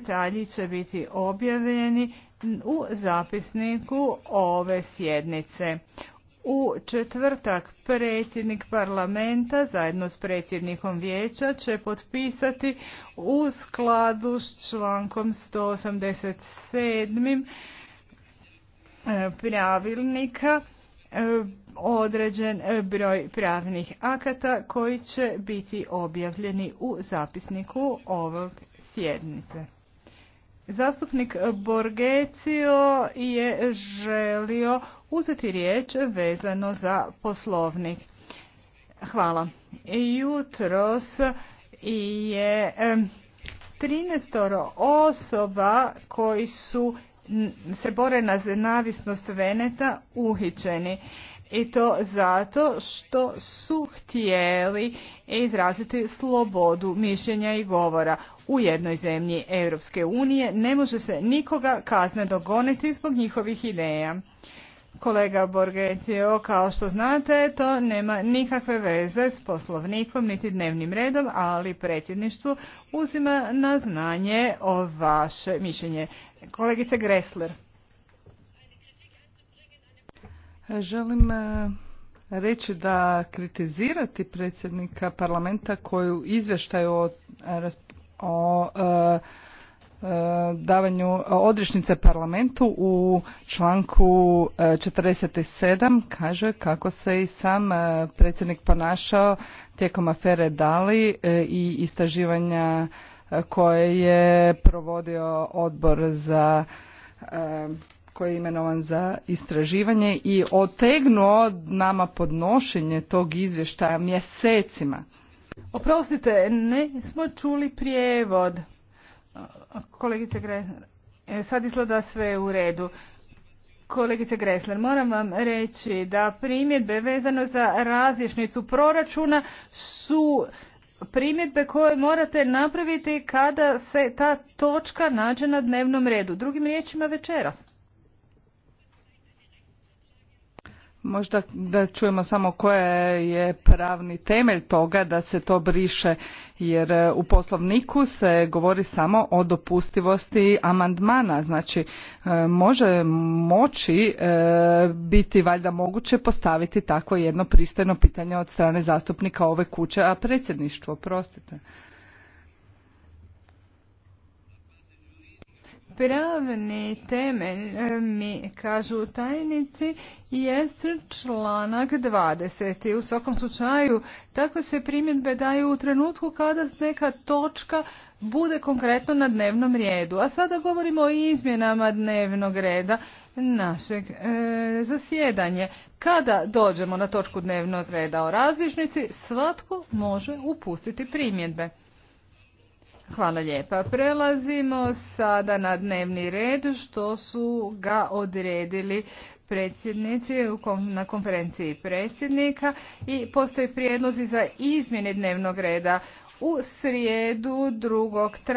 Detalji će biti objavljeni u zapisniku ove sjednice. U četvrtak predsjednik parlamenta zajedno s predsjednikom vijeća će potpisati u skladu s člankom 187. E, pravilnika e, određen broj pravnih akata koji će biti objavljeni u zapisniku ovog sjednice. Zastupnik Borgecio je želio uzeti riječ vezano za poslovnik. Hvala. Jutros je 13 osoba koji su se bore na Veneta uhićeni i to zato što su htjeli izraziti slobodu mišljenja i govora. U jednoj zemlji Europske unije ne može se nikoga kazne dogoniti zbog njihovih ideja. Kolega Borgecio, kao što znate, to nema nikakve veze s poslovnikom niti dnevnim redom, ali predsjedništvo uzima na znanje o vaše mišljenje. Kolegice Gressler. Želim e, reći da kritizirati predsjednika parlamenta koji u izvještaju o, o e, e, davanju odrišnice parlamentu u članku 47 kaže kako se i sam predsjednik ponašao tijekom afere Dali i istraživanja koje je provodio odbor za koji je imenovan za istraživanje i otegnuo nama podnošenje tog izvještaja mjesecima. Oprostite, ne smo čuli prijevod. Kolegice Gresler, e, sad izgleda sve u redu. Kolegice Gresler, moram vam reći da primjedbe vezano za različnicu proračuna su primjedbe koje morate napraviti kada se ta točka nađe na dnevnom redu. Drugim riječima večeras. Možda da čujemo samo koje je pravni temelj toga da se to briše, jer e, u poslovniku se govori samo o dopustivosti amandmana. Znači, e, može moći e, biti valjda moguće postaviti takvo jedno pristojno pitanje od strane zastupnika ove kuće, a predsjedništvo, prostite. pravni temelj, e, mi kažu tajnici, jest članak 20. U svakom slučaju, takve se primjedbe daju u trenutku kada neka točka bude konkretno na dnevnom redu. A sada govorimo o izmjenama dnevnog reda našeg e, zasjedanja. Kada dođemo na točku dnevnog reda o različnici, svatko može upustiti primjedbe. Hvala lijepa. Prelazimo sada na dnevni red što su ga odredili predsjednici na konferenciji predsjednika i postoje prijedlozi za izmjene dnevnog reda u srijedu 2.